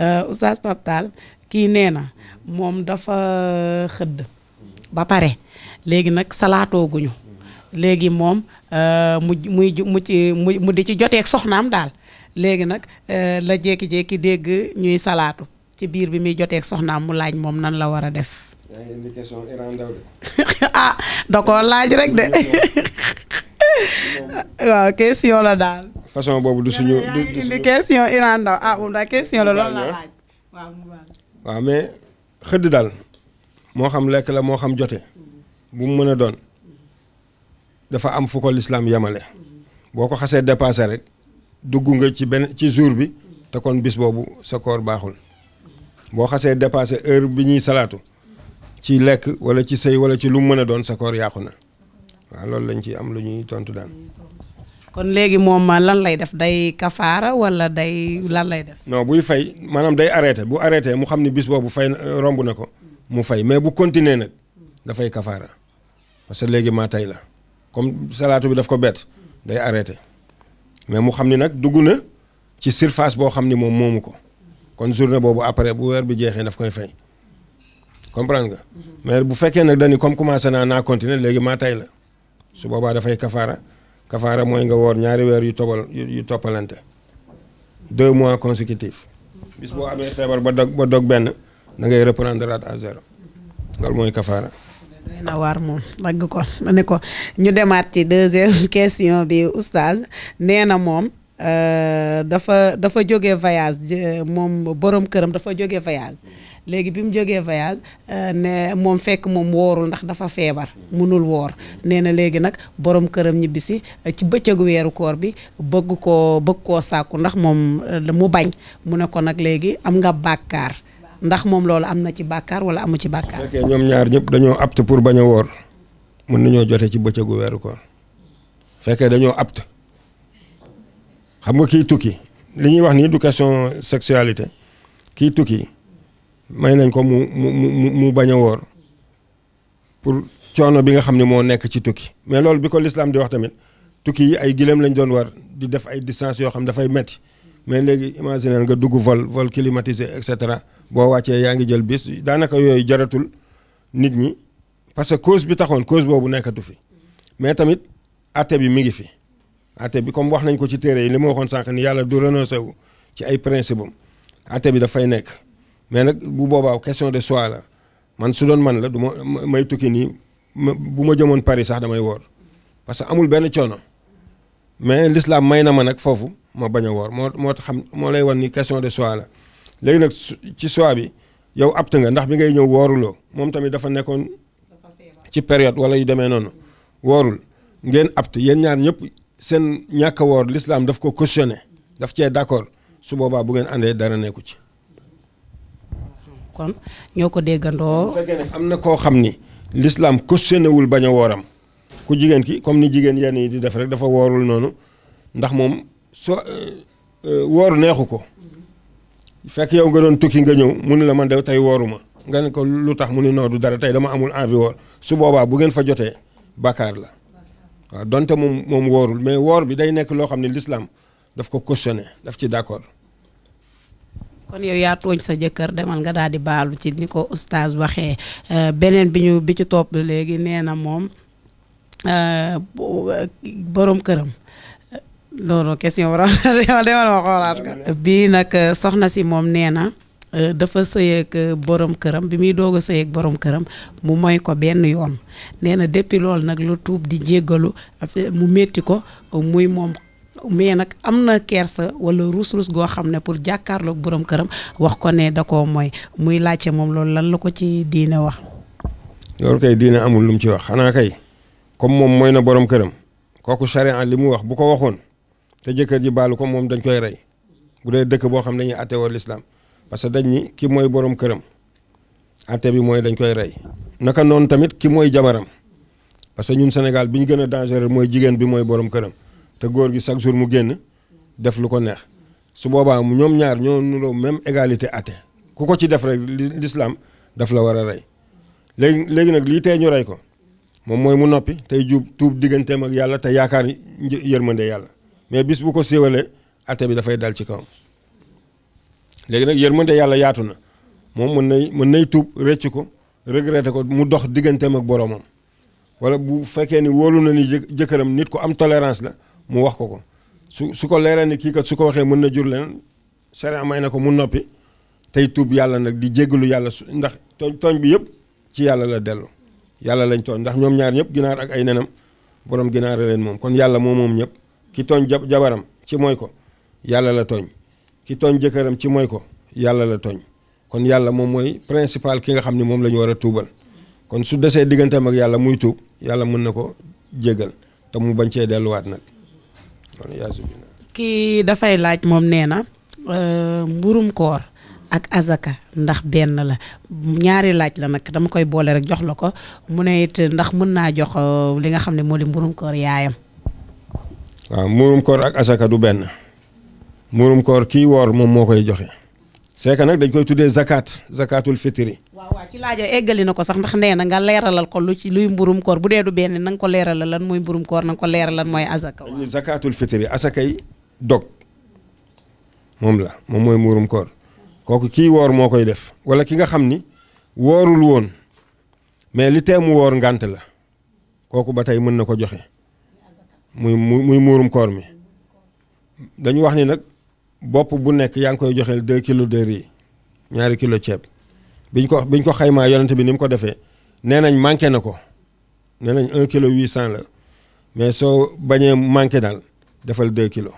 Euh, Oustaz Pape kii nee na moom dafa xëdd ba pare léegi nag salaatooguñu léegi moom euh, mu muy mu ci mu di ci joteeg soxnaam daal léegi nag euh, la jékki-jékki dégg ñuy salaatu ci biir bi muy joteeg soxnaam mu laaj moom nan la war a def. ah da koo laaj rek de waaw question la daal. façon boobu du suñu du indi question Iran Ndao ah moom daal question la loolu la laaj waaw waaw mais xëdd daal moo xam lekk la moo xam jote bu mu mën a doon. dafa am fu ko lislaam yemale boo ko xasee dépassé rek dugg nga ci benn ci jour bi te kon bis boobu sa koor baaxul boo xasee dépassé heure bi ñuy salaatu ci lekk wala ci sëy wala ci lu mu mën a doon sa koor yàqu na waaw loolu lañ ci am lu ñuy tontu daal. kon léegi moom ma lan lay def day kafaara wala day lan lay def. noo buy fay maanaam day arrêté bu arrêté mu xam ni bis boobu fay romb na ko mu fay mais bu continuer nag dafay kafaara parce que léegi la. comme salaatu bi daf ko bett day arrêté mais mu xam ni nag dugg na ci surface boo xam ni moom moomu ko kon journée boobu après bu weer bi jeexee daf koy fay comprendre nga. mais bu fekkee nag dañu comme commencé naa naa continuer léegi maa tay la su boobaa dafay kafaara kafaara mooy nga woor ñaari weer yu tobal yu toppalante deux mois consécutifs bis boo amee feebar ba dog ba dog benn da ngay reprendre à zéro mooy kafaara. doy na waar moom dagg ko ma ne ko ñu demaat ci deuxième question bi oustaz nee na moom euh, dafa dafa jóge voyage moom borom këram dafa jóge voyage léegi bi mu jógee voyage euh, ne moom fekk moom woorul ndax dafa feebar munul woor nee na léegi nag borom këram ñibbisi euh, ci bëccëgu weeru koor bi bëgg koo bëgg koo sàkku ndax moom mu bañ mu ne ko nag léegi am nga bàkkaar ndax moom loolu am na ci bàkkaar wala amu ci bàkkaar. fekkee ñoom ñaar ñëpp dañoo apt pour bañ a woor mën nañoo jotee ci bëccëgu weeru koor fekkee dañoo apte xam nga kii tukki li ñuy wax nii du question sexualité kii tukki may nañ ko mu mu mu mu bañ a woor pour coono bi nga xam ni moo nekk ci tukki mais loolu bi ko lislaam di wax tamit tukki yi ay gileem lañ doon war di def ay distance yoo xam dafay metti mais léegi imaginer nga dugg vol vol climatisé et cetera boo wàccee yaa ngi jël bis daanaka yooyu jaratul nit ñi parce que cause bi taxoon cause boobu nekkatu fi mais tamit ate bi mi ngi fi atte bi comme wax nañ ko ci téere yi li ma waxoon sànq ni yàlla du renoncé wu ci ay principe am bi dafay nekk mais nag bu boobaa question de choix la man su doon man la du ma may tukki nii bu ma jëmoon Paris sax damay woor parce que amul benn coono mais l'islam may na ma nag foofu ma bañ a woor moo moo xam moo lay wan ni question de choix la léegi nag ci choix bi yow apt nga ndax bi ngay ñëw wooruloo moom tamit dafa nekkoon ci période wala yu demee noonu woorul ngeen apt yéen ñaar ñëpp seen ñàkk woor lislaam daf ko cautionné daf cee d'accord su boobaa bu ngeen àndee dara nekku ci. kon ñoo ko déggandoo. am na koo xam ni l'islam cautionné wul bañ wooram ku jigéen ki comme ni jigéen yenn yi di def rek dafa woorul noonu ndax moom. soo euh, euh, woor neexu ko fekk yow nga doon tukki nga ñëw mu ne la man de tey wooruma nga ne ko lu tax mu ni noo du dara tey dama amul envie su boobaa bu ngeen fa jotee bàkkaar la waaw donte moom moom woorul mais woor bi day nekk loo xam ne l'islam daf ko cautionné daf ci d'accord. kon yow yaa tooñ sa jëkkër demal nga daal di baalu ci ni ko oustaz waxee euh, beneen bi ñu bi ci topp léegi nee na moom boroom këram. loolu question war a bii nag euh, soxna si moom nee na euh, dafa sëyeeg euh, borom këram bi muy doog a borom këram mu mooy ko benn yoon nee na depuis loolu nag lu tuub di jéggalu mu métti ko muy moom mais nag am na kersa walla ruus-ruus goo xam ne pour jàkkaarlook borom këram wax ko ne da koo moy muy laajte moom loolu lan la ko ci diine wax. loolu kay diine amul lu mu ci wax xanaa kay comme moom mooy na borom këram kooku charia li mu wax bu ko waxoon. te jëkkër ji baalu ko moom dañ koy rey bu dee dëkk boo xam ne dañuy àtte woo lislaam parce que dañ ni ki mooy borom këram àtte bi mooy dañ koy rey naka noonu tamit ki mooy jabaram parce que ñun Sénégal bi ñu gën a mooy jigéen bi mooy borom këram te góor gi chaque jour mu génn def lu ko neex su boobaa ñoom ñaar ñoo nuroo même égalité àtte ku ko ci def rek lislaam daf la war a rey léegi léegi nag lii tee ñu rey ko moom mooy mu noppi tey jub tuub digganteem ak yàlla te yaakaar yërmande yàlla mais bis bu ko séwalee atte bi dafay dal ci kawam léegi nag yërmande yàlla yaatu na moom mën nay mën nay tuub rëcc ko regretté ko mu dox digganteem ak boroomam wala bu fekkee ni wóolu na ni jëkkëram nit ko am tolérance la mu wax ko ko su su ko leeree ni kii kat su ko waxee mën na jur leen sariya may na ko mu noppi tey tuub yàlla nag di jéggalu yàlla su ndax tooñ tooñ bi yëpp ci yàlla la dellu yàlla lañ tooñ ndax ñoom ñaar ñëpp ginaar ak ay nenam boroom leen moom kon yàlla moo moom ñëpp ki tooñ jabaram ci mooy ko yàlla la tooñ ki tooñ jëkkëram ci mooy ko yàlla la tooñ kon yàlla moom mooy principal ki nga xam ni moom la ñu war a tuubal kon su desee digganteem ak yàlla muy tuub yàlla mën na ko jégal te mu bañ cee delluwaat nag kon kii dafay laaj moom nee na euh, mburum koor ak azaka ndax benn la ñaari laaj la nag dama koy boole rek jox la ko mu ne it ndax mën naa jox euh, li nga xam ne moo di mburum koor yaayam waaw muurum koor ak asaka du benn muurum koor kii woor moom moo koy joxe c'est nag dañ koy tuddee zakat zakatul fitri. waaw waaw ci laaja eggali na ko sax ndax nee na nga leeralal ko lu ci luy mburum koor bu dee du benn na nga ko leeralal lan mooy mburum koor na nga ko leeralal mooy asaka. waaw zakatul fitri asaka yi dog moom la moom mooy muurum koor kooku kii woor moo koy def wala ki nga xam ni woorul woon mais li teemu woor ngant la kooku ba tey mën na ko joxe. muy muy muurum koor mi dañu wax ni nag bopp bu nekk yaa ngi koy joxeel deux kilos de riz ñaari kilo ceeb biñ ko biñ ko xaymaa yonent bi ni mu ko defee nee nañ manqué na ko nee nañ un kilo huit cent la mais soo bañee manqué daal defal deux kilos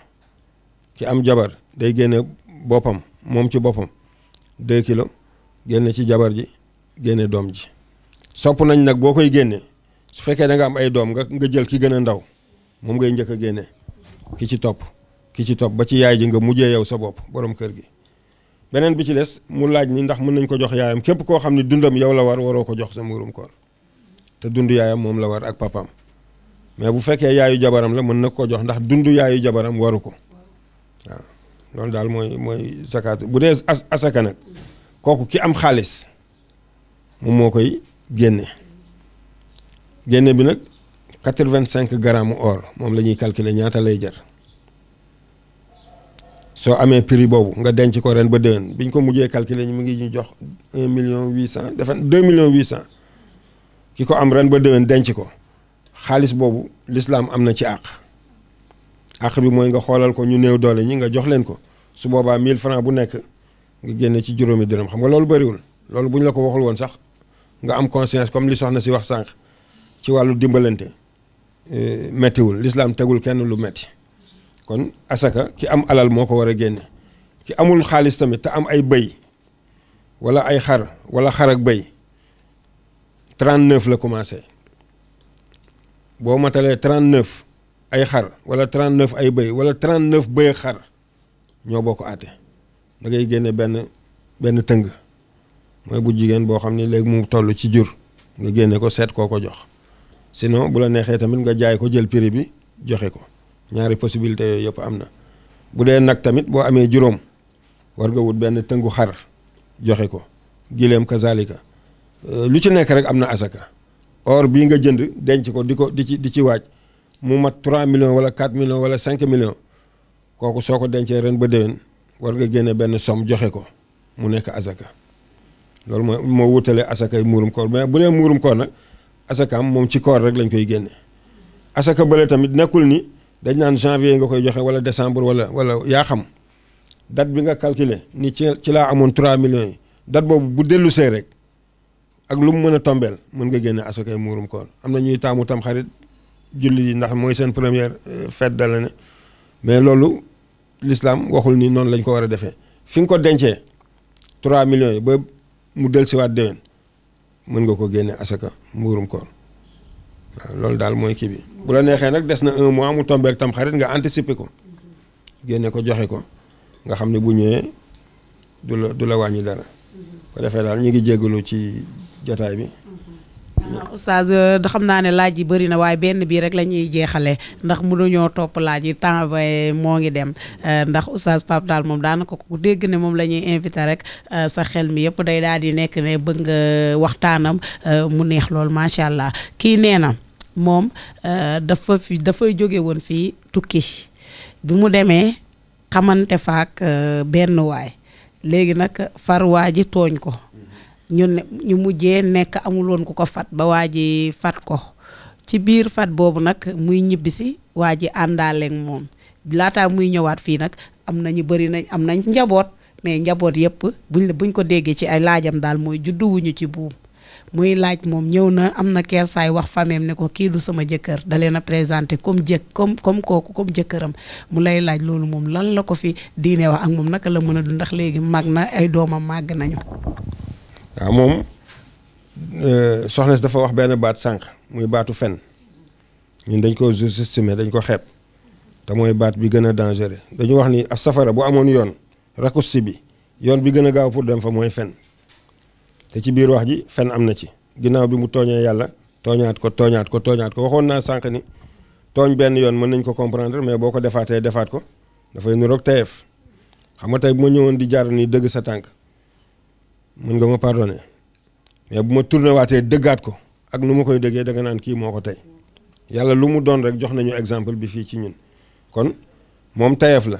ki am jabar day génne boppam moom ci boppam deux kilo génne ci jabar ji génne doom ji sopp nañ nag boo koy génne su fekkee da am ay doom nga nga jël ki gën a ndaw moom ngay njëkk a génne ki ci topp ki ci topp ba ci yaay ji nga mujjee yow sa bopp boroom kër gi beneen bi ci des mu laaj ni ndax mën nañ ko jox yaayam képp koo xam ne dundam yow la war waroo ko jox sa murum koor te dund yaayam moom la war ak papaam mais bu fekkee yaayu jabaram la mën na ko jox ndax dund yaayu jabaram waru ko waaw loolu daal mooy mooy zakaatu bu dee as asaka nag kooku ki am xaalis moom moo koy génne génne bi nag quatre-vingt-cinq mu or moom la ñuy calculer ñaata lay jar soo amee prix boobu nga denc ko ren ba déwén biñ ko mujjee calculer ñu mu ngi ñu jox million huit cent dafa deux millions huit cent ki ko am ren ba déwén denc ko xaalis boobu lislaam am na ci àq àq bi mooy nga xoolal ko ñu néew doole ñi nga jox leen ko su boobaa mille francs bu nekk nga génne ci juróomi dërëm xam nga loolu bëriwul loolu bu ñu la ko waxul woon sax nga am conscience comme li soxna si wax sànq ci wàllu dimbalante Eh, mettiwul lislaam tegul kenn lu metti kon asaka ki am alal moo ko war a génne ki amul xaalis tamit te am ay bëy wala ay xar wala xar ak bëy trente neuf la commencé boo matalee trent neuf ay xar wala trente neuf ay bëy wala trente neuf bëy xar ñoo boo ko àtte dangay génne benn benn tëng mooy bu jigéen boo xam ne léegi mu toll ci jur nga génne ko seet koo ko jox sinon bu la neexee tamit nga jaay ko jël prix bi joxe ko ñaari possibilité yooyu yëpp am na bu dee nag tamit boo amee juróom war nga wut benn tëngu xar joxe ko gileem kazalika euh, lu ci nekk rek am na asaka or bii nga jënd denc ko di ko di ci di ci waaj mu mat 3 million wala 4 millions wala 5 millions kooku soo ko dencee ren ba déwén war nga génne benn somme joxe ko mu nekk asaka loolu mooy moo wutale asakay muurum koor mais bu dee muurum ko nag asakaam moom ci koor rek lañ koy génne asaka bële tamit nekkul ni dañ naan janvier nga koy joxe wala décembre wala wala yaa xam date bi nga calculer ni ci ci laa amoon 3 millions yi date boobu bu dellu see rek ak lu mu mën a tombeel mën nga génne asakay muurum koor am na ñuy taamu tam xarit julli yi ndax mooy seen première euh, fête de l'année mais loolu lislaam waxul ni noonu lañ ko war a defee fi nga ko dencee 3 millions yi ba mu dellusiwaat déwén mën nga ko génne asaka mbuurum koor waaw loolu daal mooy kii bi bu la neexee nag des na un mois mu tombeek tam xarit nga anticiper ko génne ko joxe ko nga xam ne bu ñëwee du la du la wàññi dara ko defee daal ñu ngi jéggalu ci jotaay bi oustaz da euh, xam naa ne laaj yi bari na waaye benn bii rek la ñuy jeexalee ndax mënuñoo topp laaj yi temps ba moo ngi dem euh, ndax oustaz Pape daal moom daanaka ku dégg ne moom la ñuy invité rek euh, sa xel mi yëpp day daal di nekk ne bëgg nga waxtaanam mu neex lool macha allah kii nee na moom dafa fi dafay jóge woon fii tukki bi mu demee xamante faak benn waay léegi nag far waa ji tooñ ko. ñu ne ñu mujjee nekk amul woon ku ko fat ba waa ji fat ko ci biir fat boobu nag muy ñibbisi waa ji àndaaleeg moom laataa muy ñëwaat fii nag am nañu bëri nañ am nañ njaboot mais njaboot yëpp buñ la buñ ko déggee ci ay laajam daal mooy judduwuñu ci buum muy laaj moom ñëw na am na kersaay wax fameem ne ko kii du sama jëkkër da leen a présenté comme jëkk comme comme kooku comme jëkkëram mu lay laaj loolu moom lan la ko fi diine wax ak moom naka la mën a dund ndax léegi mag na ay doomam màgg nañu waaw ah, moom euh, soxna si dafa wax benn baat sànq muy baatu fen ñun dañ ko sous-estimer dañ ko xeeb te mooy baat bi gën a dangereux dañu wax ni ab safara bu amoon yoon raccourci bi yoon bi gën a gaaw pour dem fa mooy fen te ci biir wax ji fen am na ci ginnaaw bi mu tooñee yàlla tooñaat ko tooñaat ko tooñaat ko waxoon naa sànq ni tooñ benn yoon mën nañ ko comprendre mais boo ko defaatee defaat ko dafay nuroog tayeef xam nga tey bu ma ñëwoon di jaar nii dëgg sa tànk mën nga ma pardonné mais bu ma tourné waatee dëggaat ko ak nu ma koy dëggee da naan kii moo ko tey yàlla lu mu doon rek jox nañu exemple bi fii ci ñun kon moom tayef la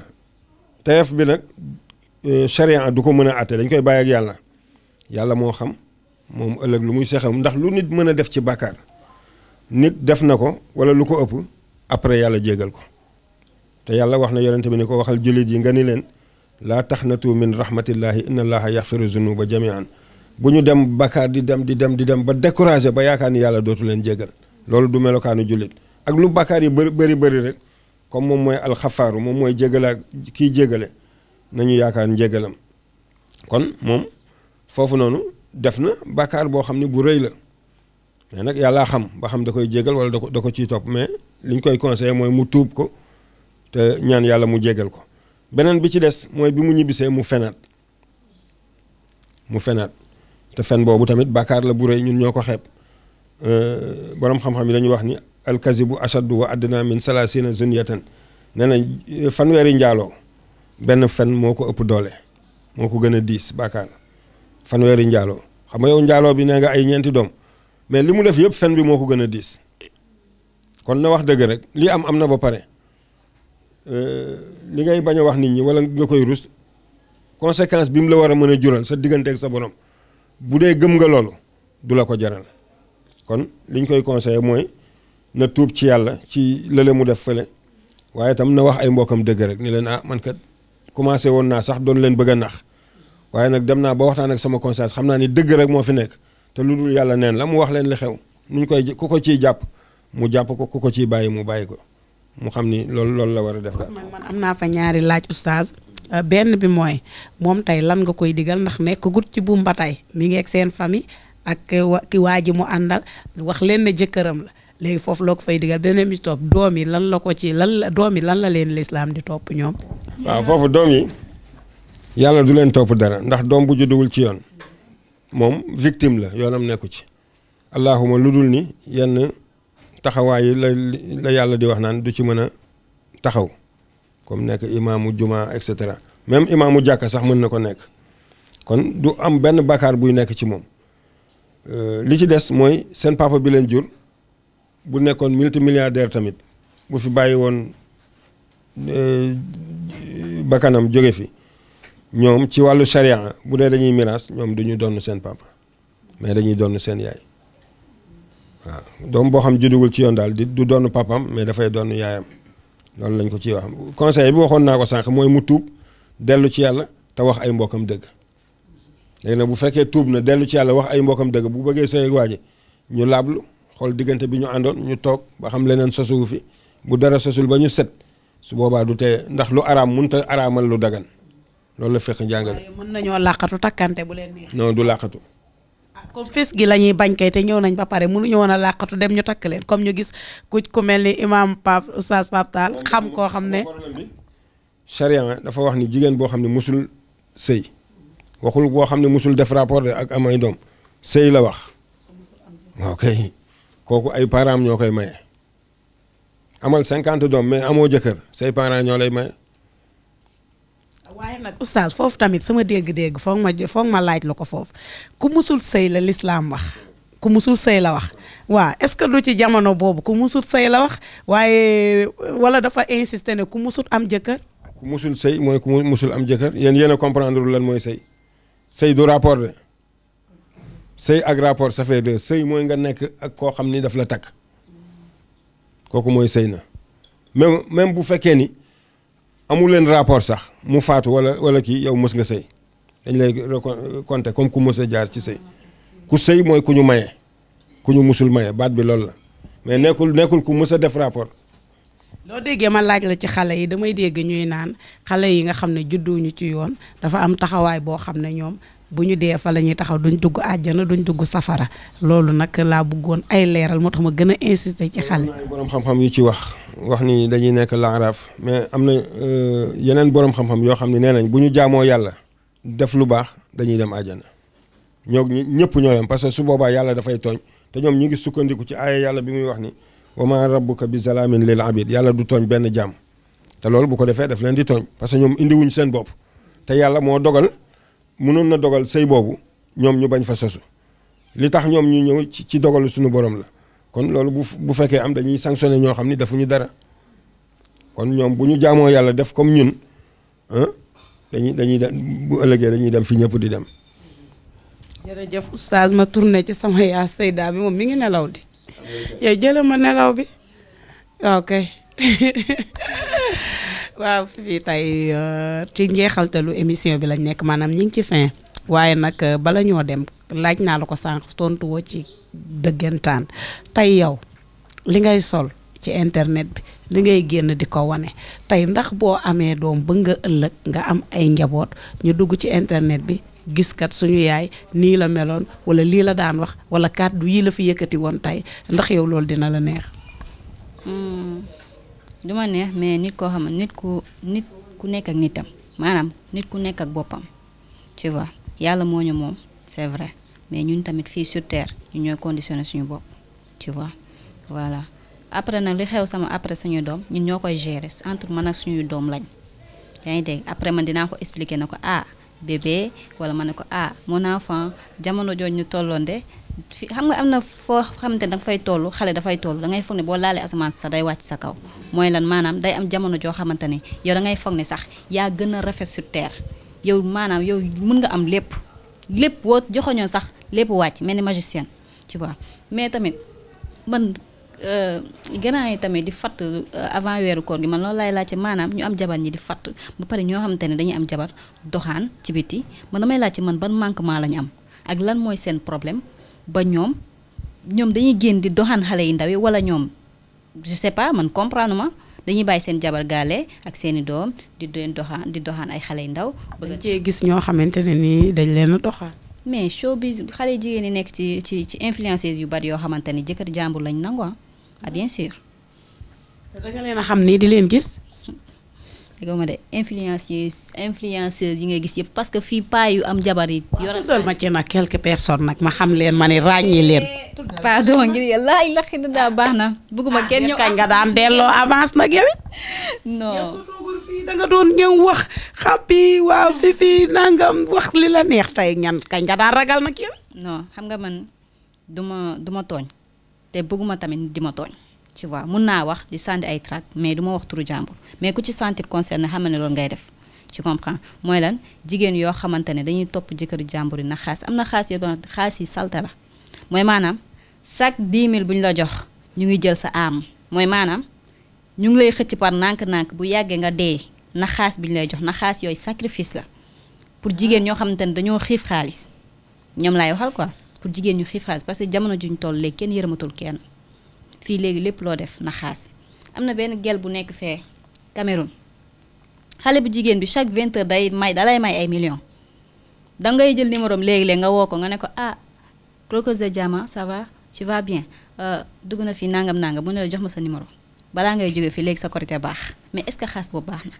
tayef bi nag charia euh, du ko mën a àtte dañ koy bàyyi ak yàlla yàlla moo xam moom ëllëg lu muy sexam ndax lu nit mën a def ci bàkkaar nit def na ko wala lu ko ëpp après yàlla jéegal ko te yàlla wax na yonente bi ne ko waxal jullit yi nga ni leen laa taxnatu min rahmatillahi inna allaha yaxfiru zunuba jamian bu ñu dem bakkaar di dem di dem di dem ba découragé ba yaakaar ni yàlla dootu leen jéggal loolu du melokaanu jullit ak lu bakkaar yi bëri bëri bëri rek comme moom mooy alxafaaru moom mooy jéggalaak kii jéggale nañu yaakaar njéggalam kon moom foofu noonu def na bakkaar boo xam ne bu rëy la mais nag yàllaa xam ba xam da koy jéggal wala da ko da ko ciy topp mais liñ koy conseil mooy mu tuub ko te ñaan yàlla mu jéggal ko beneen bi ci des mooy bi mu ñibbisee mu fenaat mu fenaat te fen boobu tamit bàkkaar la bu rëy ñun ñoo ko xeeb euh, borom xam-xam yi dañuy wax ni alkazibu ashaddu wa àddina min salasina zunyatan nee na euh, fanweeri njaaloo benn fen moo ko ëpp doole moo ko gën a diis bàkkaar fanweeri njaaloo xam nga yow njaaloo bi nee nga ay ñeenti doom mais li mu def yëpp fen bi moo ko gën a diis kon na wax dëgg rek lii am am na ba pare li ngay bañ a wax nit ñi wala nga koy rus conséquence bi mu la war a mën a jural sa diggante ak sa borom bu dee gëm nga loolu du la ko jaral kon li ñu koy conseillé mooy na tuub ci yàlla ci lële mu def fële waaye tam na wax ay mbokkam dëgg rek ni leen ah man kat commencé woon naa sax doon leen bëgg a nax waaye nag dem naa ba waxtaan ak sama conscience xam naa ni dëgg rek moo fi nekk te lu dul yàlla neen la mu wax leen li xew nuñ koy ku ko ciy jàpp mu jàpp ko ku ko ciy bàyyi mu bàyyi ko. mu xam ni loolu loolu la war a def daal. man am naa fa ñaari laaj oustaz euh, benn bi mooy moom tey lan nga koy digal ndax nekk gut ci buum ba tey mi ngi ak seen famille ak euh, ki waa ji mu àndal wax leen ne jëkkëram la léegi foofu loo ko fay digal beneen bi topp doom yi lan la ko ci lan doom yi lan la leen lislaam di topp ñoom. waaw foofu doom yi yàlla du leen topp dara ndax doom bu judduwul ci yoon moom victime la yoonam nekku ci allahuma lu dul ni yenn. taxawaay la la yàlla di wax naan du ci mën a taxaw comme nekk imaamu jumaa et cetera même imaamu jàkka sax mën na ko nekk kon du am benn bàkkaar buy nekk ci moom euh, li ci des mooy seen papa bi leen jur bu nekkoon multimilliardaire tamit bu fi bàyyi woon euh, bakkanam jóge fi ñoom ci wàllu charia bu dee dañuy miraas ñoom duñu donn seen papa mais dañuy donn seen yaay waaw doom boo xam juddugul ci yoon daal di du doon papam mais dafay doon yaayam loolu lañ ko ciy wax conseil bi waxoon naa ko sànq mooy mu tuub dellu ci yàlla te wax ay mbokkam dëgg léegi nag bu fekkee tuub na dellu ci yàlla wax ay mbokkam dëgg bu bëggee sëy ak waa ji ñu laablu xool diggante bi ñu àndoon ñu toog ba xam leneen sosuwu fi bu dara sosul ba ñu set su boobaa du tee ndax lu araam mënut a araamal lu dagan loolu la fekk njàngale. mën nañoo làqatu takkante bu du làqatu. comme fes gi la ñuy bañ kay te ñëw nañ ba pare mënuñu woon a làqatu dem ñu takk leen comme ñu gis ku ku mel ni imam Pape oustaz Pape Tall xam koo xam ne. charia dafa wax ni jigéen boo xam ne mosul sëy waxul boo xam ne mosul def rapport ak amay doom sëy la wax waaw kooku ay parents ñoo koy maye amal cinquante doom mais amoo jëkkër say parents ñoo lay maye. waaye nag oustaz foofu tamit sama dégg-dégg foog ma foog ma laaj lu ko foofu ku musul sëy la lislaam wax ku musul sëy la wax waa est-ce que du ci jamono boobu ku musul sëy la wax waaye wala dafa insister ne ku musul am jëkkër. ku musul sëy mooy ku musul am jëkkër yéen yéen a comprendre lan mooy sëy sëy du rapport de sëy ak rapport ça fait sëy mooy nga nekk ak koo xam ni daf la takk kooku mooy sëy na même même bu fekkee ni. amul leen rapport sax mu faatu wala wala kii yow mës nga sëy dañ lay compter comme ku mës a jaar ci sëy ku sëy mooy ku ñu maye ku ñu musul maye baat bi loolu la mais nekkul nekkul ku mus a def rapport. loo déggee ma laaj la ci xale yi damay dégg ñuy naan xale yi nga xam ne judduwuñu ci yoon dafa am taxawaay boo xam ne ñoom bu ñu dee fa la ñuy taxaw duñ dugg àjjana duñ dugg safara loolu nag laa bëggoon ay leeral moo tax ma gën a insister ci xale. borom xam-xam yu ci wax wax ni dañuy nekk laaraaf mais am na euh, yeneen borom xam yoo xam ne nee nañ bu ñu jaamoo yàlla def lu baax dañuy dem àjjana ñoo ñëpp ñoo parce que su boobaa yàlla dafay tooñ te ñoom ngi sukkandiku ci aaya yàlla bi wax ni wa ma rabbuka bi zalaamin lil abid yàlla du tooñ benn jaam te loolu bu ko defee daf leen di tooñ parce que ñoom indiwuñ seen bopp te yàlla moo dogal mënoon na dogal sëy boobu ñoom ñu bañ fa sosu li tax ñoom ñu ñëw ci ci dogalu suñu borom la kon loolu bu bu fekkee am dañuy sanctionné ñoo xam ni defuñu dara kon ñoom bu ñu jaamoo yàlla def comme ñun dañuy dañuy dem bu ëllëgee dañuy dem fi ñëpp di dem. jërëjëf oustaz ma tourné ci sama yaa Seyda bi moom mi ngi nelaw di. yow jële ma nelaw bi waaw kay. waaw fii tey euh, ci njeexaltalu émission bi lañ nekk maanaam ñu ngi ci fin waaye nag euh, bala ñoo dem laaj naa la ko sànq tontu woo ci dëggantaan tey yow li ngay sol ci internet bi li ngay génn di ko wane tey ndax boo amee doom ba nga ëllëg nga am ay njaboot ñu dugg ci internet bi giskat suñu yaay nii la meloon wala lii la daan wax wala kàddu yii la fi yëkkati woon tey ndax yow loolu dina la neex. Hmm. du ma neex mais nit koo xam nit ku nit ku nekk ak nitam maanaam nit ku nekk ak boppam tu vois yàlla moo ñu moom c'est vrai mais ñun tamit fii sur ñu ñooy conditionné suñu bopp tu vois voilà après nag li xew sama après suñu doom ñun ñoo koy gérer entre ma ak suñuy doom lañ yaa ngi dégg après man dinaa ko expliquer na ko ah bébé wala ma ne ko ah mon enfant jamono jooju ñu tolloon de fi xam nga am na foo xamante ne danga fay toll xale dafay toll da ngay foog ne boo laalee asamaan sa day wàcc sa kaw mooy lan maanaam day am jamono joo xamante ne yow da ngay foog ne sax yaa gën a rafet sur terre yow maanaam yow mun nga am lépp lépp woo joxoñoo sax lépp wàcc mel ni magicien ci vois mais tamit man euh, gannaaw yi tamit di fatt euh, avant weeru koor gi man loolu laay laajte maanaam ñu am jabar ñi di fatt bu pare ñoo xamante ne dañuy am jabar doxaan ci biti man damay laajte man ban manquement la ñu am ak lan mooy seen problème ba ñoom ñoom dañuy génn di doxaan xale yu ndaw yi wala ñoom je sais pas man comprendre dañuy bàyyi seen jabar gaale ak seen i doom di doon doxaan di doxaan ay xale yu ndaw. dañ cee gis ñoo xamante ne nii dañ leen a doxaan. mais showbiz xale jigéen yi nekk ci ci ci influenceuses yu bari yoo xamante ni jëkkër jàmbur lañ nangu ah bien sûr. da leen a xam nii di leen gis. dégg ma de influenceuse influenceuse yi ngay gis yëpp parce que fii paa yu am jabar yi. yor ma ci nag quelques personnes nag ma xam leen ma ne ràññee eh, leen. pardon ngir yàlla ay laxi daa baax na. bëgguma ah, kenn ñëw kañ nga daan delloo avance nag nga doon ñëw wax xàppi waaw fi fii nangam wax li la neex tey ñan kañ nga daan ragal nag yow. non xam nga man du ma du tooñ te bëgguma tamit di ma tooñ. ci vois mun naa wax di sànni ay tract mais du wax turu jàmbur mais ku ci sentir concerné xam ne loolu ngay def tu comprends mooy lan jigéen yoo xamante ne dañuy topp jëkkëru jàmbur yi na xaas am na xaas yoo doon xaas yi salte la mooy maanaam chaque 10 000 bu ñu la jox ñu ngi jël sa am mooy maanaam ñu ngi lay xëcc par nànk-nànk bu yàggee nga dee na xaas bi ñu lay jox na xaas yooyu sacrifice la pour jigéen ñoo xamante ne dañoo xiif xaalis ñoom laay waxal quoi pour jigéen ñu xiif xaalis parce que ju ñu toll léegi kenn yërëmatul kenn fii léegi lépp loo def na xaas am na benn gel bu nekk fee Cameroun xale bu jigéen bi chaque vingt day may dalay may ay millions dangay jël numéro am léegi-léeg nga woo ko nga ne ko ah Crocos de Diama ça va tu vas bien euh, dugg na fi nangam nangam mu ne la jox ma sa numéro balaa ngay jóge fii léegi sa korité baax mais est-ce que xaas boobu baax na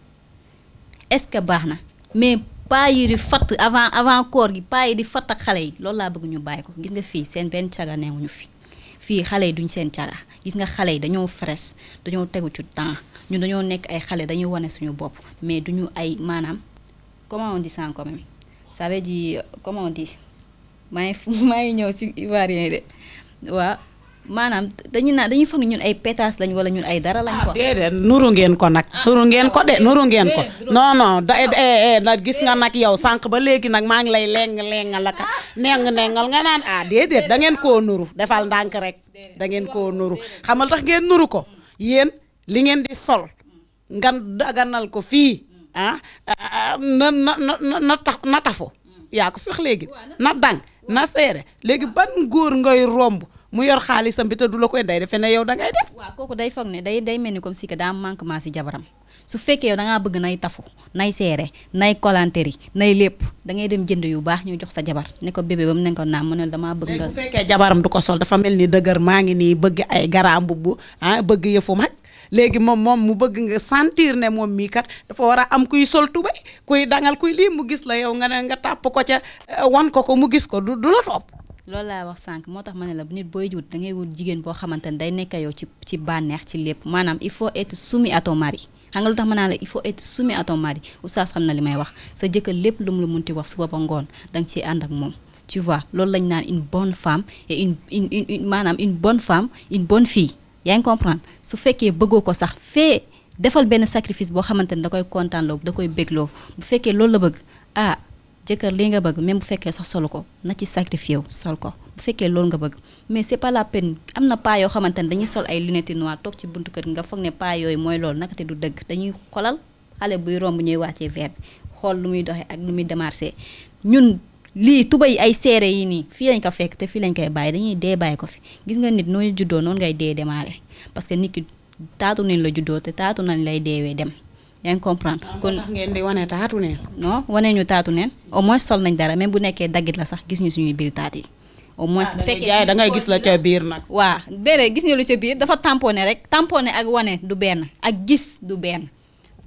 est-ce que baax na mais paa yi di fatt avant avant gi paa yi di fatt ak xale yi loolu laa bëgg ñu bàyyi ko gis nga fii seen benn caga neewuñu fi fii xale yi duñ seen cara gis nga xale yi dañoo fresh dañoo tegu ci temps ñu dañoo nekk ay xale dañuy wane suñu bopp mais duñu ay maanaam comment on dit ça quand même ça veut dire comment on dit maa ngi ñëw ci ivoirien de waaw maanaam dañu naan dañuy foog ne ñun ay pétas lañ wala ñun ay dara lañ ko. Ah, nuru ngeen ko nag. Ah, nuru ngeen ko de nuru ngeen ko. non non da da eh, eh, eh, gis nga nag yow sànq ba léegi nag maa ngi lay leng lengal ak neng nengal nga naan ah déedéet da ngeen koo nuru defal ndànk rek da ngeen koo nuru xamal tax ngeen nuru ko yéen li ngeen di sol ngan daganal ko fii ah, ah na na na na tax na tafu yaa ko fex léegi na dang na seere léegi ban góor ngay romb. mu yor xaalisam bi te du la koy day defe ne yow da ngay dem. waaw kooku day foog ne day day mel ni comme si que daa manquement si jabaram su fekkee yow da bëgg nay tafu nay seere nay kolanteri nay lépp da ngay dem jënd yu baax ñu jox sa jabar ne ko bébé ba mu ne naa naam mu ne damaa bëgg. nga fekkee jabaram du ko sol dafa mel ni dëgër maa ngi nii bëgg ay garaam bu ah bëgg yëfu mag léegi moom moom mu bëgg nga sentir ne moom mii kat dafa war a am kuy sol tubay kuy dangal kuy lii mu gis la yow nga ne nga tàpp ko ca eh, wan ko ko mu gis ko du du la topp. loolu laa wax sànq moo tax ma ne la bu nit booy wut da ngay wut jigéen boo xamante ne day nekk yow ci ci bànneex ci lépp maanaam il faut être soumis à ton mari xam nga lu tax ma naa la il faut être soumis à ton mari xam na li may wax sa jëkkër lépp lu mu la mun ti wax suba ba ngoon da nga ciy ànd ak moom tu vois loolu lañ naan une bonne femme une une une une bonne femme une bonne yaa ngi comprendre su fekkee bëggoo ko sax fee defal benn sacrifice boo xamante ne da koy kontaan da koy bégloo bu fekkee loolu la bëgg ah jëkkër li nga bëgg même bu fekkee sa solu ko na ci sacrifié wu sol ko bu fekkee loolu nga bëgg mais c'est pas la peine am na paa yoo xamante ne dañuy sol ay lunettes noires toog ci buntu kër nga foog ne paa yooyu mooy loolu naka te du dëgg dañuy xolal xale buy romb ñuy wàccee vert xool lu muy doxee ak lu muy démarché ñun lii tubay ay seere yi nii fii lañ ko fekk te fii lañ koy bàyyi dañuy dee bàyyi ko fi gis nga nit nooy juddoo noonu ngay dee demaale parce que nit taatu nañ la juddoo te taatu nañ lay deewee dem yaa ah, kon tax ngeen di wane taatu neen. no wane ñu taatu neen au moins sol nañ dara même bu nekkee daggit la sax gis ñu suñuy biir taat yi. au moins ah, bu fekkee jaay da ngay gis la ca biir nag. waa déedéet gis nga lu ca biir dafa tamponné rek tamponné ak wane du benn ak gis du benn.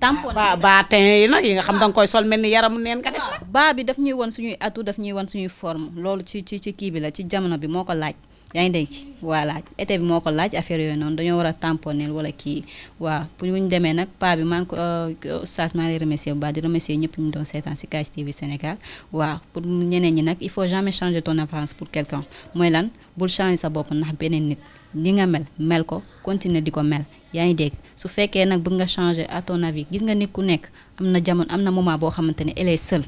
tamponné ah, ba ba baatin yi nag yi nga xam da nga koy sol mel ni yaramu neen nga def baa bi daf ñuy wan suñuy atu daf ñuy wan suñu form loolu ci ci ci kii bi la ci jamono bi moo ko laaj. yaa ngi dégg ci voilà été bi moo ko laaj affaire yooyu noonu dañoo war a tamponel wala kii waa pour ñu demee nag pa bi maa ngi ko euh, oustaz maa ngi lay remercier bu baax di remercier ñëpp ñu doon seetaan si KS TV Sénégal waaw pour ñeneen ñi nag il faut jamais changer ton apparence pour quelqu'un mooy lan bul changer sa bopp ndax beneen nit li nga mel mel ko continuer di ko mel yaa ngi dégg su fekkee nag bëgg nga changer à ton avis gis nga nit ku nekk am na jamono am na moment boo xamante ne elle est seule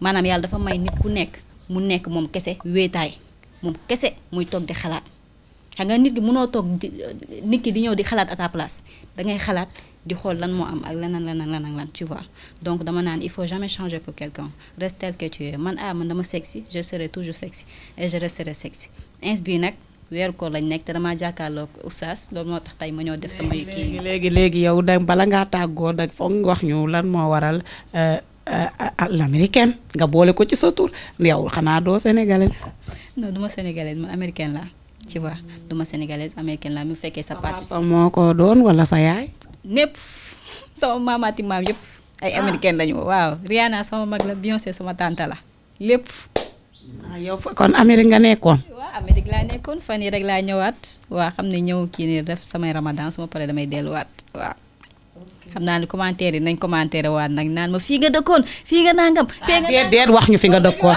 yàlla dafa may nit ku nekk mu nekk moom kese wéetaay moom kese muy toog di xalaat xam nga nit ki mënoo toog di nit ki di ñëw di xalaat à ta place dangay xalaat di xool lan moo am ak lan lan lan lan tu donc dama naan il faut jamais changer pour quelqu'un reste tel que tu es man ah man dama sexy je serai toujours sexy et je resterai sexy ins lañ nekk te damaa jàkkaarloog oustaz loolu moo tax tey ma ñëw def samay kii léegi léegi yow bala ngaa tàggoo nag foog wax ñu lan moo waral euh, Euh, à nga boole ko ci sa tur yow xanaa doo sénégalaise. non duma sénégalaise man américaine la tu vois duma sénégalaise américaine la mu fekkee sa. parti moo ko doon wala sa yaay. népp sama maamaati maam yëpp. ay ah. américaine lañu waaw Rihanna sama mag la Beyoncé sama tante la lépp. Ah, yow kon Amérique nga nekkoon. waaw laa nekkoon fan yi rek laa ñëwaat waa xam ne ñëw kii nii def samay ramadan su ma paree damay delluwaat waaw. xam naa ne commentaire yi nañ commentaire waat nag naan ma fii nga dëkkoon fii nga nangam. fii nga ah, wax ñu fi nga dëkkoon.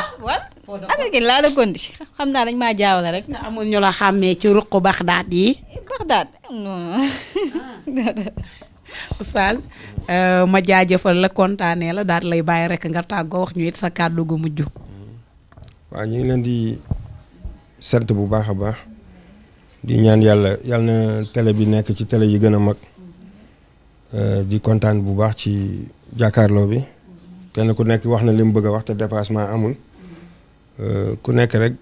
foo dëkkoon américain laa dëkkoon di xam naa dañ maa jaawale rek. amul ñu la xàmmee ci ruq Baxdaad yi. Baxdaad non. Ah. Ousal euh, ma jaajëfal la kontaanee la daal lay bàyyi rek nga tàggoo wax ñu it sa kàddu gu mujj. waaw ñu ngi leen di sant bu baax a baax di ñaan yàlla yàlla na télé bi nekk ci télé yi gën a mag. Euh, di kontaan bu baax ci jàkkaarloo bi kenn ku nekk wax na li mu bëgg a wax te dépassement amul euh, ku nekk rek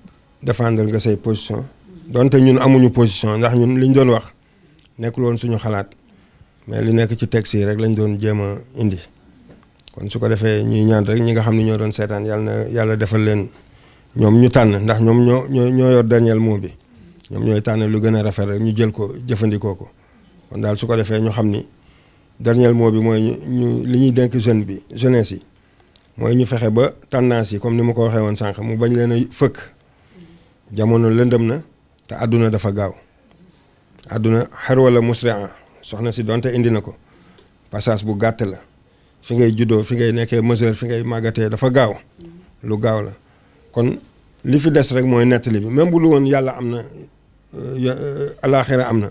défendre nga say position donte ñun amuñu position ndax ñun liñ doon wax nekk loon suñu xalaat mais li nekk ci texte yi rek lañ doon jéem a indi kon su ko defee ñuy ñaan rek ñi nga xam ne ñoo doon seetaan yàlla na yàlla defal leen ñoom ñu tànn ndax ñoom ñoo ñoo ñoo yor dernier mot bi ñoom ñooy tànn lu gën a rafet rek ñu jël ko jëfandikoo ko kon daal su ko xam ni. dernier mot bi mooy ñu ñu li ñuy denk jeune bi jeunesse yi mooy ñu fexe ba tendance yi comme ni ma ko waxee woon sànq mu bañ leen a fëkk jamono lëndëm na te àdduna dafa gaaw àdduna xar wala musria soxna si donte indi na ko passage bu gàtte la fi ngay juddoo fi ngay nekkee mesure fi ngay màggatee dafa gaaw lu gaaw la kon li fi des rek mooy nettali bi même bu lu woon yàlla am na euh, euh, alaaxira am na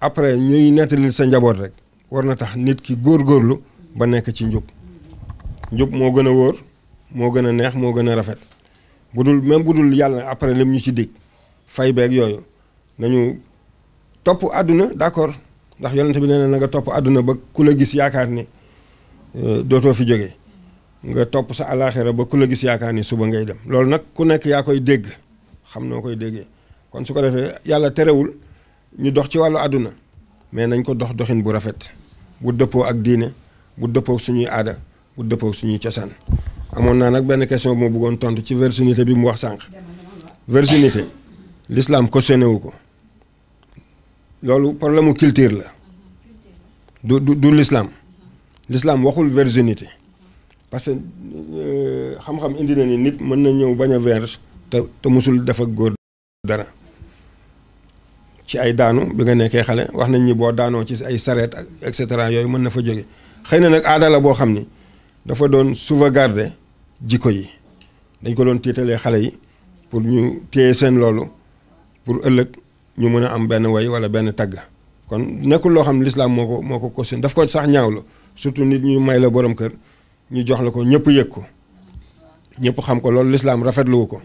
après ñuy nettalil sa njaboot rek war na tax nit ki góor góorlu ba nekk ci njub njub moo gën a wóor moo gën a neex moo gën a rafet bu dul même bu dul yàlla après lim ñu ci dégg fay beeg yooyu nañu topp àdduna d'accord ndax yonent bi nee na nga topp àdduna ba ku la gis yaakaar ni euh, dootoo fi jógee nga topp sa alaaxira ba ku la gis yaakaar ni suba ngay dem loolu nag ku nekk yaa koy dégg xam noo koy déggee kon su ko defee yàlla terewul ñu dox ci wàllu àdduna mais nañ ko dox doxin bu rafet bu dëppoo ak diine bu dëppoo suñuy aada bu dëppoo suñuy cosaan amoon naa nag benn question bu ma bëggoon tontu ci virginité bi mu wax sànq. virginité lislaam cautionné wu ko loolu problème mu la du l'islam l'islam waxul virginité parce que euh, xam-xam indi na ni nit mën na ñëw bañ a verge te te musul dafa góor dara. ci ay daanu bi nga nekkee xale wax nañ ni boo daanoo ci ay sareet ak et cetera yooyu mën na fa jóge xëy na nag aada la boo xam ni dafa doon sauvegarder jikko yi dañ ko doon tiitalee xale yi pour ñu téye seen loolu pour ëllëg ñu mën a am benn woy wala benn tagg kon nekkul loo xam ne lislaam moo ko moo ko ko cautionné daf ko sax ñaawlu surtout nit ñuy may la borom kër ñu jox la ko ñëpp yëg ko ñëpp xam ko loolu lislaam rafetlu wu ko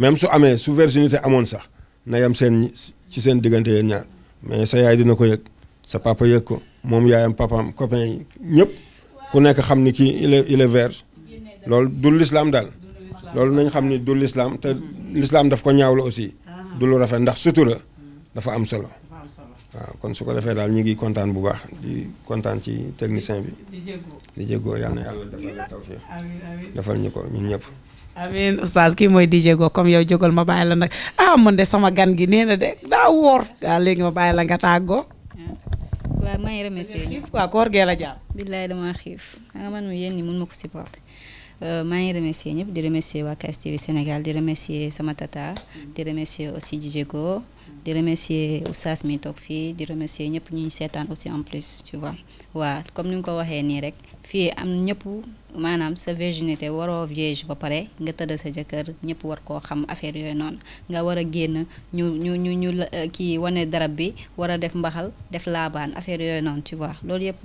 même su amee su virginité amoon sax na yam seen ci seen diggante yéen ñaar mais sa yaay dina ko yëg sa papa yëg ko moom yaayam papaam copain yi ñëpp ku nekk xam ni kii il est il est vierge loolu du l'islam daal loolu nañ xam ni du l'islam te l'islam daf ko ñaaw la aussi du lu rafet ndax sutura dafa am solo waaw kon su ko defee daal ñu ngi kontaan bu baax di kontaan ci technicien bi di jéggoo yàlla na yàlla defal la tawfiq defal ñu ko ñun ñëpp amiin oustaz kii mooy DJ Go comme yow jógal ma bàyyi la nag ah man de sama gan gi nee na de daa wóor waaw léegi ma bàyyi la nga tàggoo. waaw maa ngi remercié. xiif quoi koor gee la jàpp. billaay damaa xiif xam ah, nga man mu yéen ñi mun ma ko supporter. Euh, maa ngi remercier ñëpp di remercier waa KSTV Sénégal di remersier sama tata di remercier aussi Djijego di remercier Oustaz mi toog fii di remercier ñëpp ñu seetaan aussi en plus tu vois waa comme ni nga ko waxee nii rek fii am ñëpp maanaam sa virginité waroo vierge ba pare nga tëdd sa jëkkër ñëpp war koo xam affaire yooyu noonu nga war a génn ñu ñu ñu ñu kii wane darab bi war a def mbaxal def laabaan affaire yooyu noonu tu vois loolu yëpp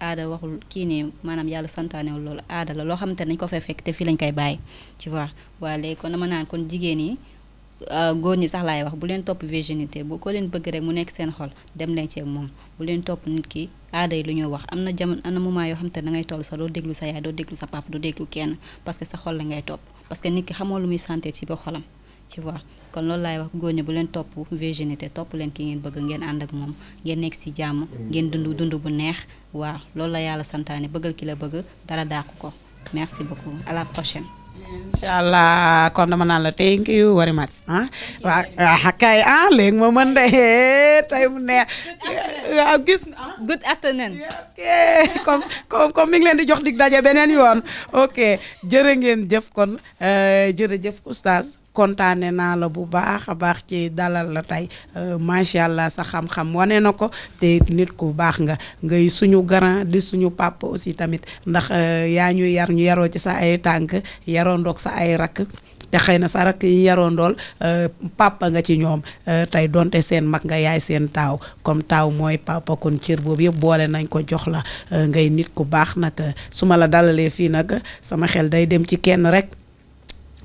aada waxul kii ne maanaam yàlla santaanewul loolu aada la loo xamante ne dañ ko fay fekk te fii lañ koy bàyyi tu vois waaye léegi kon dama naan kon jigéen yi euh, góor ñi sax laay wax bu leen topp virginité bu ko leen bëgg rek mu nekk seen xol dem leen ci moom bu leen topp nit ki aada yi lu ñuy wax am na jamono am na moment yoo xam te da ngay toll sax doo déglu sa yaay doo déglu sa papa doo déglu kenn parce que sa xol la ngay topp parce que nit ki xamoo lu muy santé ci ba xolam tu vois kon loolu laay wax góor ñi bu leen topp virginité topp leen ki ngeen bëgg ngeen ànd ak moom ngeen nekk ci jàmm ngeen dund dund bu neex waaw loolu la yàlla santaane bëggal ki la bëgg dara dàqu ko merci beaucoup à la prochaine. allah kon dama naan la thank you very much ah waaw ah, kay ah léegi ma mën de eh, tey mu neex gis ah. good afternoon ok comme comme comme mi ngi leen di jox dig daje beneen yoon ok jërë ngeen jëf kon eh, jërëjëf oustaz kontaane naa la bu baax a baax ci dalal la tey euh, macha allah sa xam-xam wane na ko te nit ku baax nga ngay suñu grand di suñu papa aussi tamit ndax euh, yaa ñu yar ñu yaroo ci sa ay tànk yaroo ndoog sa ay rakk. te xëy na sa rakk yi yaroon dool euh, papa nga ci ñoom tey donte seen mag nga yaay seen taaw comme taaw mooy papa kon cër boobu yëpp boole nañ ko jox la ngay nit ku baax nag su ma la dalalee fii nag sama xel day dem ci kenn rek.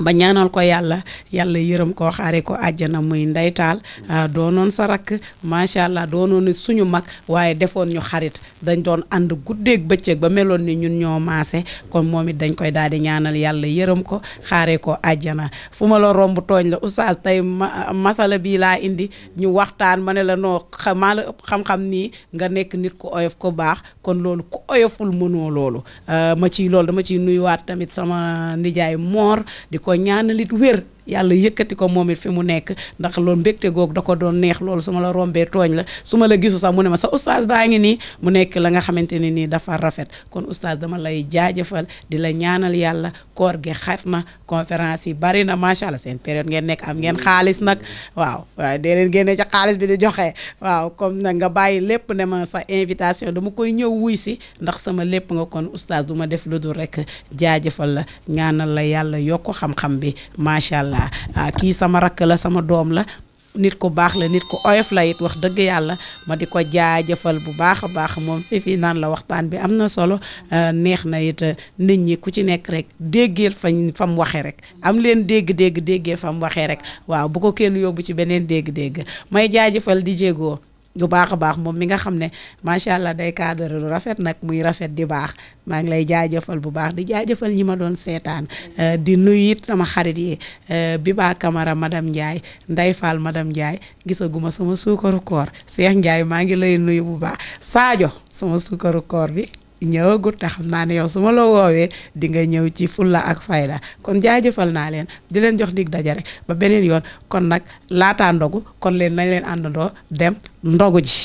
ba ñaanal ko yàlla yàlla yërëm koo xaare ko àjjana muy ndeytaal ah, doonoon sa rakk macha allah doonoon suñu mag waaye defoon ñu xarit dañ doon ànd guddeeg bëccëg ba meloon ni ñun ñoo maase kon moom it dañ koy daal di ñaanal yàlla yërëm ko xaare ko àjjana fu ma la romb tooñ la oustaz tey masala bii laa indi ñu waxtaan ma ne la noo maa ëpp xam-xam nii nga nekk nit ku oyof ko baax kon loolu ku oyoful mënoo loolu ah, ma ciy loolu dama ciy nuyuwaat tamit sama nijaay moor ko ñaanalit wér yàlla yëkkati ko moom it fi mu nekk ndax loolu mbégte googu da ko doon neex loolu su ma la rombee tooñ la su ma la gisu sax mu ne ma sa oustaz baa ngi nii mu nekk la nga xamante ne nii dafa rafet kon oustaz dama lay jaajëfal di la ñaanal yàlla koor gi xat na conférence yi bari na macha allah seen période ngeen nekk am ngeen xaalis nag waaw waaw dee leen génne xaalis bi di joxe waaw comme nag nga bàyyi lépp ne ma sa invitation dama koy ñëw wuy si ndax sama lépp nga kon oustaz du def lu dul rek jaajëfal la ñaanal la yàlla yokk xam-xam bi macha allah allah ah, kii sama rakk la sama doom la nit ku baax la nit ku oyof la it wax dëgg yàlla ma di ko jaajëfal bu baax a baax moom fifi naan la waxtaan bi am na solo ah, neex na it nit ñi ku ci nekk rek déggeel fa fam waxee rek am leen dégg-dégg déggee fam waxee rek waaw bu ko kenn yóbbu ci beneen dégg-dégg may jaajëfal di jéegoo bu baax a baax moom mi nga xam ne macha allah day cadre rafet nag muy rafet di baax maa ngi lay jaajëfal bu baax di jëfal ñi ma doon seetaan euh, di nuyu it sama xarit yi euh, Biba Camara madam Ndiaye Ndeye Fall madame Ndiaye gisaguma sama suukaru koor Cheikh Ndiaye maa ngi lay nuyu bu baax Sadio sama suukaru koor bi. ñëwagut te xam naa ne yow su ma la woowee di nga ñëw ci fulla ak fayda kon jaajëfal naa leen di leen jox dig daja ba beneen yoon kon nag laataa ndogu kon leen nañ leen àndandoo dem ndogu ji